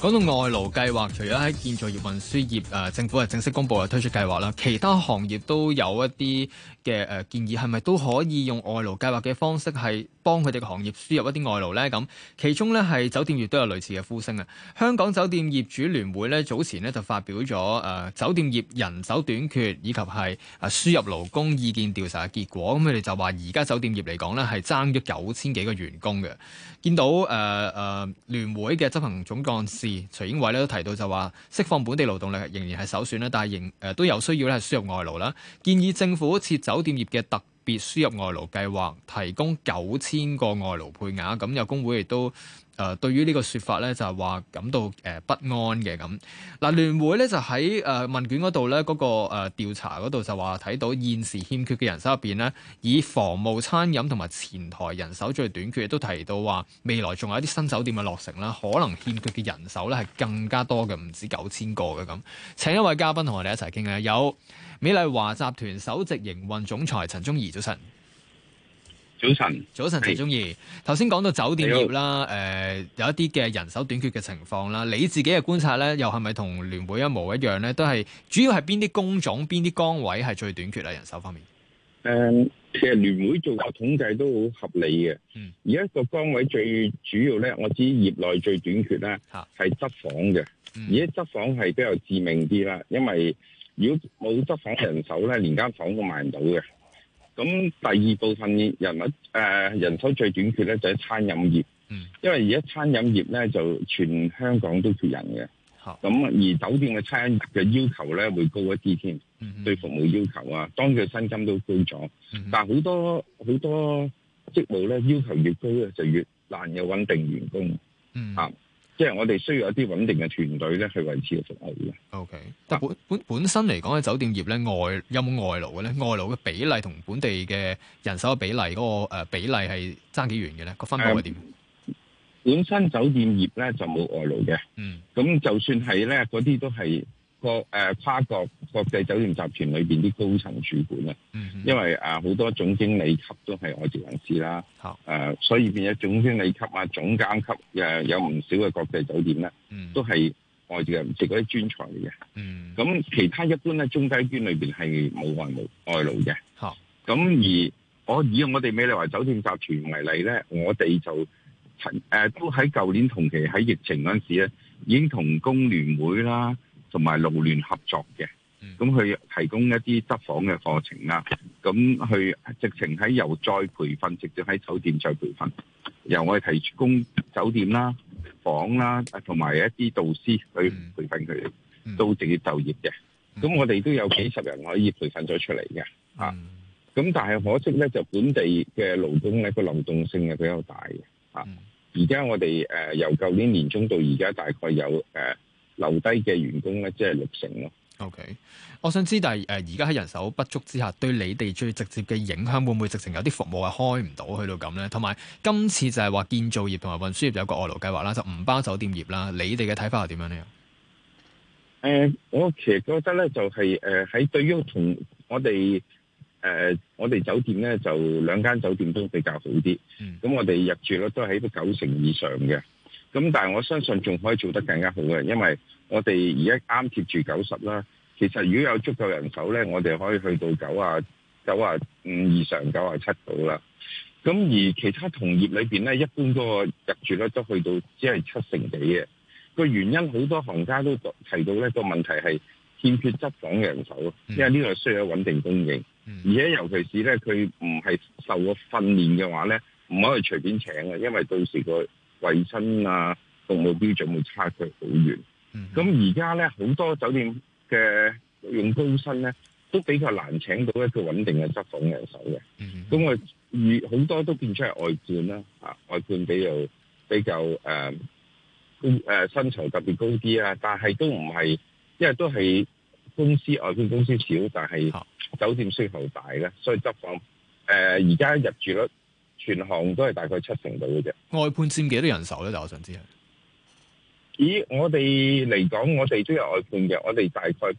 講到外勞計劃，除咗喺建造業、運輸業，誒、呃、政府係正式公布又推出計劃啦，其他行業都有一啲嘅誒建議，係咪都可以用外勞計劃嘅方式係幫佢哋個行業輸入一啲外勞呢？咁其中呢係酒店業都有類似嘅呼聲啊。香港酒店業主聯會呢，早前呢就發表咗誒、呃、酒店業人手短缺以及係啊輸入勞工意見調查嘅結果，咁佢哋就話而家酒店業嚟講呢係爭咗九千幾個員工嘅，見到誒誒聯會嘅執行總幹事。徐英偉咧都提到就話，釋放本地勞動力仍然係首選咧，但係仍誒都有需要咧係輸入外勞啦。建議政府設酒店業嘅特別輸入外勞計劃，提供九千個外勞配額。咁有工會亦都誒、呃、對於呢個說法咧，就係話感到誒、呃、不安嘅咁。嗱、啊、聯會咧就喺誒、呃、問卷嗰度咧，嗰、那個誒調、呃、查嗰度就話睇到現時欠缺嘅人手入邊咧，以房務、餐飲同埋前台人手最短缺，亦都提到話未來仲有一啲新酒店嘅落成啦，可能欠缺嘅人手咧係更加多嘅，唔止九千個嘅咁。請一位嘉賓同我哋一齊傾下，有美麗華集團首席營運總裁陳宗彝，早晨。早晨，早晨陳宗彝，頭先講到酒店業啦，誒好、呃、有一啲嘅人手短缺嘅情況啦。你自己嘅觀察咧，又係咪同聯會一模一樣咧？都係主要係邊啲工種、邊啲崗位係最短缺啊？人手方面，誒、嗯，其實聯會做過統計都好合理嘅。嗯、而家個崗位最主要咧，我知業內最短缺咧係執房嘅，啊嗯、而家執房係比較致命啲啦。因為如果冇執房人手咧，連間房都賣唔到嘅。咁第二部分人力，誒、呃、人手最短缺咧就係餐飲業，嗯、因為而家餐飲業咧就全香港都缺人嘅。咁好而酒店嘅餐嘅要求咧會高一啲添，嗯嗯對服務要求啊，當佢薪金都高咗，嗯嗯但係好多好多職務咧要求越高咧就越難有穩定員工。嗯。啊。即係我哋需要一啲穩定嘅團隊咧，去維持個服務嘅。O K，但本本本身嚟講嘅酒店業咧，外有冇外勞嘅咧？外勞嘅比例同本地嘅人手嘅比例嗰、那個、呃、比例係爭幾遠嘅咧？個分佈係點？本身酒店業咧就冇外勞嘅。嗯，咁就算係咧，嗰啲都係。國誒跨、呃、國國際酒店集團裏邊啲高層主管咧，mm hmm. 因為誒好、呃、多總經理級都係外籍人士啦，誒、oh. 呃、所以變咗總經理級啊總監級誒、呃、有唔少嘅國際酒店咧，都係外籍人士嗰啲專才嚟嘅。咁、mm hmm. 其他一般咧，中低端裏邊係冇外勞外勞嘅。咁、oh. 而我以我哋美麗華酒店集團為例咧，我哋就陳誒、呃、都喺舊年同期喺疫情嗰陣時咧，已經同工聯會啦。同埋勞聯合作嘅，咁佢提供一啲執房嘅課程啊，咁去直情喺由再培訓，直接喺酒店再培訓，由我哋提供酒店啦房啦，同埋一啲導師去培訓佢哋，嗯嗯、都直接就業嘅。咁我哋都有幾十人可以培訓咗出嚟嘅，嗯、啊，咁但係可惜呢，就本地嘅勞工呢個流動性係比較大嘅，啊，而家我哋誒、呃、由舊年年中到而家大概有誒。呃留低嘅員工咧，即係六成咯。O、okay. K，我想知，但係誒而家喺人手不足之下，對你哋最直接嘅影響會唔會直情有啲服務係開唔到去到咁咧？同埋今次就係話建造業同埋運輸業有個外勞計劃啦，就唔包酒店業啦。你哋嘅睇法係點樣咧？誒、呃，我其實覺得咧，就係誒喺對於同我哋誒、呃、我哋酒店咧，就兩間酒店都比較好啲。咁、嗯、我哋入住率都喺度九成以上嘅。咁但係我相信仲可以做得更加好嘅，因為我哋而家啱貼住九十啦。其實如果有足夠人手咧，我哋可以去到九啊九啊五以上，九啊七度啦。咁而其他同業裏面咧，一般個入住呢都去到只係七成幾嘅。個原因好多行家都提到呢個問題係欠缺執房嘅人手，因為呢個需要穩定供應，而且尤其是咧佢唔係受過訓練嘅話咧，唔可以隨便請嘅，因為到時個衛生啊，服務標準會差距好遠。咁而家咧，好多酒店嘅用高薪咧，都比較難請到一個穩定嘅執房人手嘅。咁我遇好多都變出係外判啦，啊，外判比較比較誒，誒、呃，薪酬特別高啲啊，但係都唔係，因為都係公司外判公司少，但係酒店需求大咧，所以執房誒，而家入住率。全行都係大概七成度嘅啫，外判佔幾多人手咧？就我想知啊。咦，我哋嚟講，我哋都有外判嘅，我哋大概誒外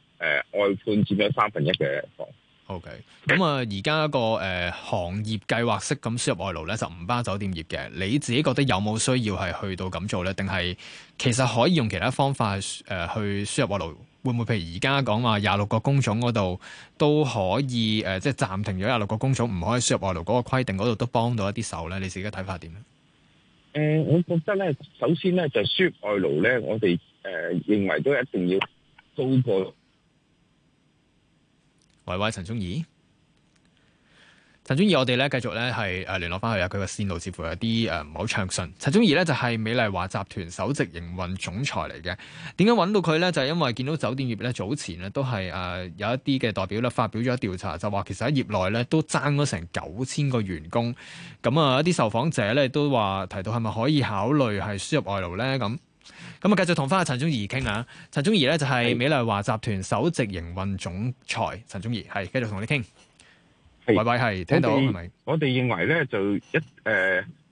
判佔咗三分一嘅房。OK，咁啊，而家個誒行業計劃式咁輸入外勞咧，就唔包酒店業嘅。你自己覺得有冇需要係去到咁做咧？定係其實可以用其他方法誒去、呃、輸入外勞？會唔會譬如而家講，話廿六個工種嗰度都可以誒，即係暫停咗廿六個工種唔可以輸入外勞嗰個規定嗰度都幫到一啲手咧？你自己嘅睇法點咧？誒、呃，我覺得咧，首先咧就是，輸外勞咧，我哋誒、呃、認為都一定要高過。喂喂，陳宗彝。陳宗彝，我哋咧繼續咧係誒聯絡翻佢啊，佢嘅線路似乎有啲誒唔好暢順。陳宗彝呢就係美麗華集團首席營運總裁嚟嘅。點解揾到佢咧？就係因為見到酒店業咧早前咧都係誒有一啲嘅代表咧發表咗調查，就話其實喺業內咧都爭咗成九千個員工。咁啊，一啲受訪者咧都話提到係咪可以考慮係輸入外勞咧？咁咁啊，繼續同翻阿陳宗彝傾啦。陳宗彝咧就係美麗華集團首席營運總裁。陳宗彝係繼續同你傾。喂喂係聽到我哋認為咧就一誒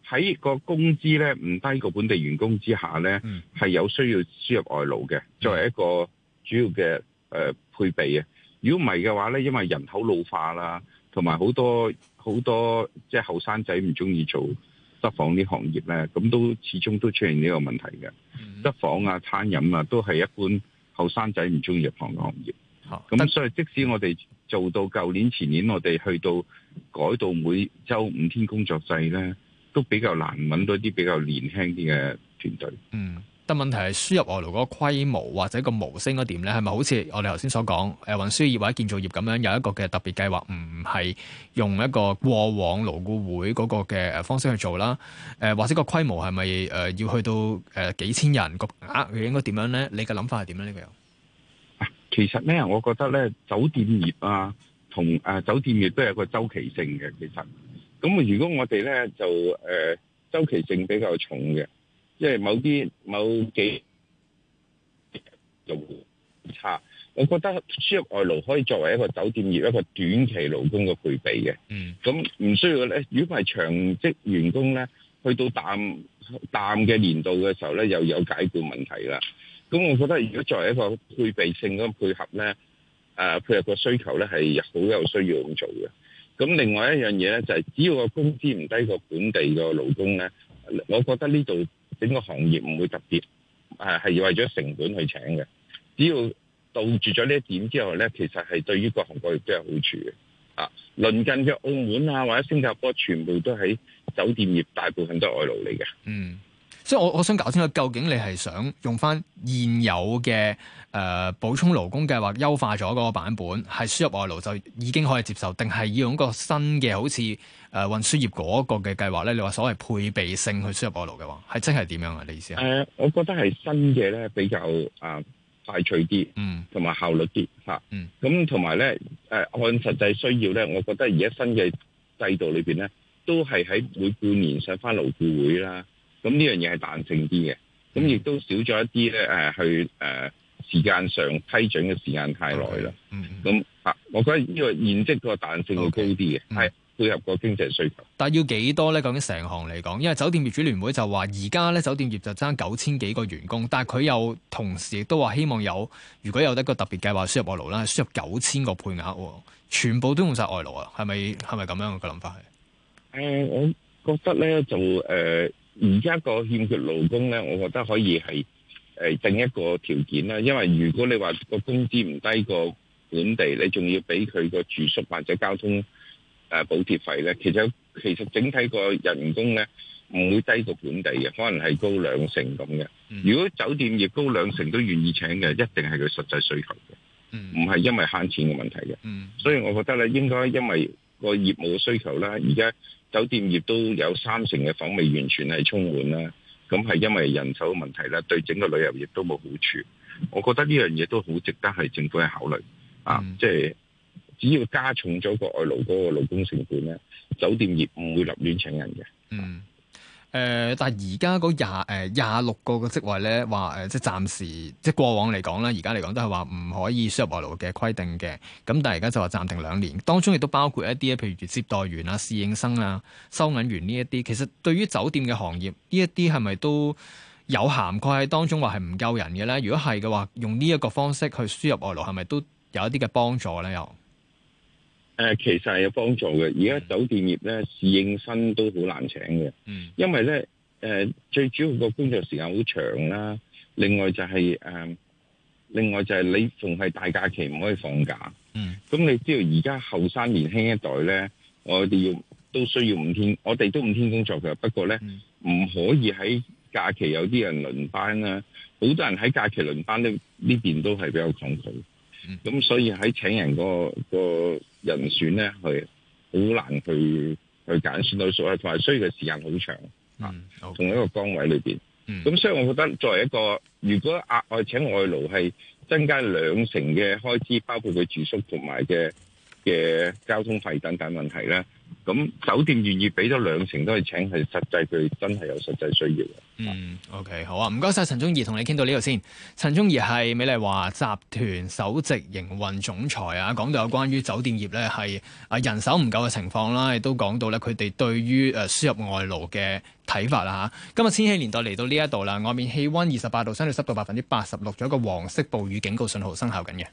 喺、呃、個工資咧唔低過本地員工之下咧，係、嗯、有需要輸入外勞嘅，作為一個主要嘅誒、呃、配備啊。如果唔係嘅話咧，因為人口老化啦，同埋好多好多即係後生仔唔中意做執房呢行業咧，咁都始終都出現呢個問題嘅。執、嗯、房啊、餐飲啊，都係一般後生仔唔中意入行嘅行業。咁所以即使我哋做到舊年、前年，我哋去到改到每周五天工作制咧，都比較難揾到啲比較年輕啲嘅團隊。嗯，但問題係輸入外勞嗰個規模或者個模式嗰點咧，係咪好似我哋頭先所講，誒運輸業或者建造業咁樣有一個嘅特別計劃，唔係用一個過往勞顧會嗰個嘅誒方式去做啦？誒、呃，或者個規模係咪誒要去到誒、呃、幾千人、那個額，佢應該點樣咧？你嘅諗法係點樣呢個又？其實咧，我覺得咧，酒店業啊，同誒、呃、酒店業都有個周期性嘅。其實，咁如果我哋咧就誒、呃、周期性比較重嘅，因為某啲某幾就差。我覺得輸入外勞可以作為一個酒店業一個短期勞工嘅配備嘅。嗯。咁唔需要咧，如果係長職員工咧，去到淡淡嘅年度嘅時候咧，又有解決問題啦。咁我覺得，如果作為一個配備性嘅配合呢，呃、配合個需求呢，係好有需要咁做嘅。咁另外一樣嘢呢，就係、是，只要個工資唔低過本地個勞工呢，我覺得呢度整個行業唔會特別呃係為咗成本去請嘅。只要杜絕咗呢一點之後呢，其實係對於各行各業都有好處嘅。啊，鄰近嘅澳門啊，或者新加坡，全部都喺酒店業大部分都係外勞嚟嘅。嗯。即係我我想搞清楚，究竟你係想用翻現有嘅誒、呃、補充勞工計劃優化咗嗰個版本，係輸入外勞就已經可以接受，定係要用一個新嘅好似誒運輸業嗰個嘅計劃咧？你話所謂配備性去輸入外勞嘅話，係真係點樣啊？你意思啊？誒、呃，我覺得係新嘅咧比較誒、呃、快脆啲，還有一啊、嗯，同埋效率啲嚇，嗯，咁同埋咧誒按實際需要咧，我覺得而家新嘅制度裏邊咧，都係喺每半年上翻勞顧會啦。咁呢樣嘢係彈性啲嘅，咁亦都少咗一啲咧誒，去、呃、誒時間上批准嘅時間太耐啦。咁、okay，嗯啊、我覺得呢個現職個彈性要高啲、嗯、嘅，係配合個經濟需求。但係要幾多咧？究竟成行嚟講，因為酒店業主聯會就話而家咧酒店業就爭九千幾個員工，但係佢又同時亦都話希望有，如果有得個特別計劃輸入外勞啦，輸入九千個配額，全部都用晒外勞啊？係咪係咪咁樣嘅諗法？誒、嗯，我覺得咧就誒。呃而家個欠缺勞工咧，我覺得可以係誒、呃、定一個條件啦。因為如果你話個工資唔低過本地，你仲要俾佢個住宿或者交通誒、呃、補貼費咧，其實其實整體個人工咧唔會低過本地嘅，可能係高兩成咁嘅。嗯、如果酒店業高兩成都願意請嘅，一定係佢實際需求嘅，唔係因為慳錢嘅問題嘅。嗯、所以，我覺得咧應該因為。個業務嘅需求啦，而家酒店業都有三成嘅房未完全係充滿啦，咁係因為人手嘅問題啦，對整個旅遊業都冇好處。我覺得呢樣嘢都好值得係政府去考慮、嗯、啊，即係只要加重咗個外勞嗰個勞工成本咧，酒店業唔會立亂請人嘅。嗯。誒、呃，但係而家嗰廿誒廿六個嘅職位咧，話誒、呃、即係暫時即係過往嚟講啦，而家嚟講都係話唔可以輸入外勞嘅規定嘅。咁但係而家就話暫停兩年，當中亦都包括一啲譬如接待員啊、侍應生啊、收銀員呢一啲。其實對於酒店嘅行業，呢一啲係咪都有涵蓋喺當中，話係唔夠人嘅咧？如果係嘅話，用呢一個方式去輸入外勞，係咪都有一啲嘅幫助咧？又？誒、呃，其實係有幫助嘅。而家酒店業咧，侍應生都好難請嘅。嗯，因為咧，誒、呃，最主要個工作時間好長啦、啊。另外就係、是、誒、呃，另外就係你仲係大假期唔可以放假。嗯。咁你知道而家後生年輕一代咧，我哋要都需要五天，我哋都五天工作嘅。不過咧，唔、嗯、可以喺假期有啲人輪班啦、啊。好多人喺假期輪班都呢邊都係比較抗拒。咁、嗯、所以喺請人個個人選咧，係好難去去揀選到數，同埋需要嘅時間好長，啊、嗯，同一個崗位裏邊，咁、嗯、所以我覺得作為一個，如果額外請外勞係增加兩成嘅開支，包括佢住宿同埋嘅嘅交通費等等問題咧。咁酒店願意俾咗兩成都係請係實際，佢真係有實際需要嘅。嗯，OK，好啊，唔該晒，陳宗彝，同你傾到呢度先。陳宗彝係美麗華集團首席營運總裁啊，講到有關於酒店業咧係啊人手唔夠嘅情況啦、啊，亦都講到咧佢哋對於誒輸入外勞嘅睇法啦、啊、今日千禧年代嚟到呢一度啦，外面氣温二十八度，相對濕度百分之八十六，仲有一個黃色暴雨警告信號生效緊嘅。